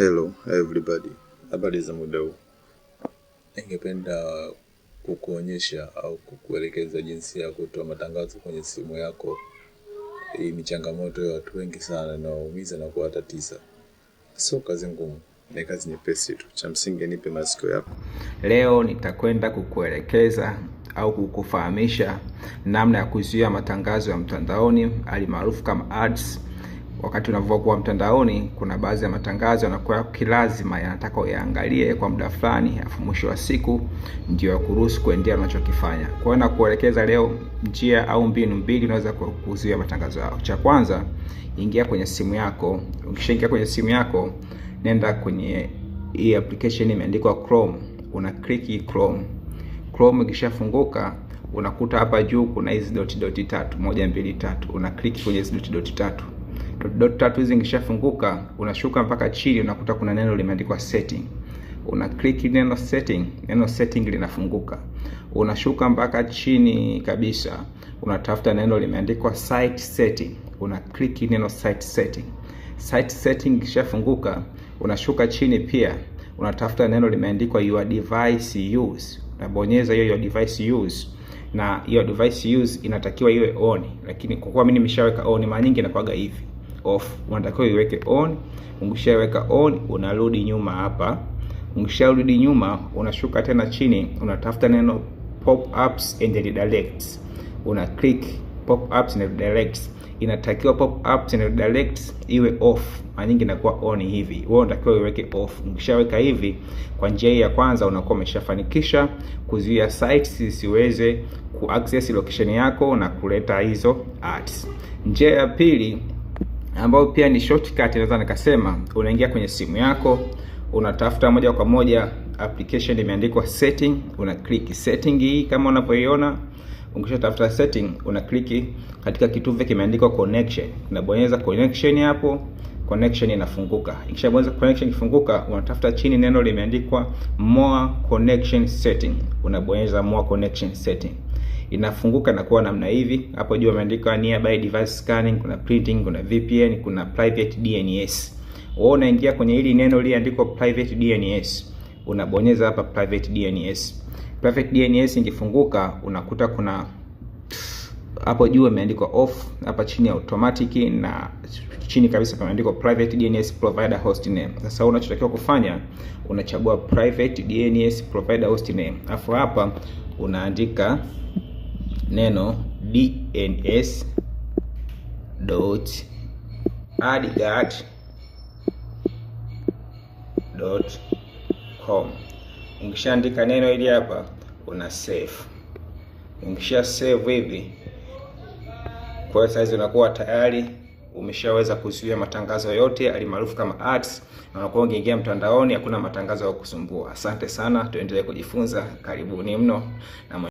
Hello everybody, habari za muda huu. Ningependa kukuonyesha au kukuelekeza jinsi ya kutoa matangazo kwenye simu yako. Hii ni changamoto ya watu wengi sana inawaumiza na kuwatatiza. Sio kazi ngumu, ni kazi nyepesi tu. Cha msingi nipe masikio yako. Leo nitakwenda kukuelekeza au kukufahamisha namna ya kuzuia matangazo ya mtandaoni alimaarufu kama ads wakati unavyokuwa mtandaoni, kuna baadhi ya matangazo yanakuwa kilazima yanataka uyaangalie kwa muda fulani, afu mwisho wa siku ndio yakuruhusu kuendelea unachokifanya. Kwa hiyo nakuelekeza leo njia au mbinu mbili unaweza kuzuia matangazo yao. Cha kwanza, ingia kwenye simu yako. Ukishaingia kwenye simu yako, nenda kwenye hii application imeandikwa Chrome, una click Chrome. Chrome ikishafunguka unakuta hapa juu kuna hizi dot dot tatu, moja mbili tatu, una click kwenye hizi dot dot tatu dot tatu hizi ikishafunguka, unashuka mpaka chini, unakuta kuna neno limeandikwa setting. Una click neno setting, neno setting linafunguka. Unashuka mpaka chini kabisa, unatafuta neno limeandikwa site setting, una click neno site setting. Site setting ikishafunguka, unashuka chini pia, unatafuta neno limeandikwa your device use, unabonyeza hiyo your device use na hiyo device use inatakiwa iwe on, lakini kwa kuwa mimi nimeshaweka on, mara nyingi inakuwa hivi off, unatakiwa iweke on. Ukishaweka on, unarudi nyuma hapa. Ukisharudi nyuma, unashuka tena chini, unatafuta neno pop ups and redirects, una click pop ups and redirects. Inatakiwa pop ups and redirects iwe off, mara nyingi inakuwa on hivi. Wewe unatakiwa iweke off. Ukishaweka hivi, kwa njia hii ya kwanza unakuwa umeshafanikisha kuzuia sites zisiweze kuaccess location yako na kuleta hizo ads. Njia ya pili ambayo pia ni shortcut naweza nikasema, unaingia kwenye simu yako, unatafuta moja kwa moja application imeandikwa setting, una click setting hii kama unavyoiona. Ukishatafuta setting, una click katika kitufe kimeandikwa connection, unabonyeza connection hapo connection inafunguka. Ikishabonyeza connection ikifunguka, unatafuta chini neno limeandikwa more connection setting, unabonyeza more connection setting inafunguka na kuwa namna hivi. Hapo juu ameandika nearby device scanning, kuna printing, kuna VPN, kuna private DNS. Wewe unaingia kwenye hili neno liliandikwa private DNS, unabonyeza hapa private DNS. Private DNS ingefunguka, unakuta kuna hapo juu imeandikwa off, hapa chini ya automatic na chini kabisa pameandikwa private DNS provider host name. Sasa unachotakiwa kufanya unachagua private DNS provider host name, afu hapa unaandika neno DNS dot adgard dot com. Ukishaandika neno hili hapa, una save. Ukisha save hivi, kwa hiyo saizi unakuwa tayari umeshaweza kuzuia matangazo yote alimaarufu kama ads, na unakuwa ungeingia mtandaoni hakuna matangazo ya kusumbua. Asante sana, tuendelee kujifunza. Karibuni mno na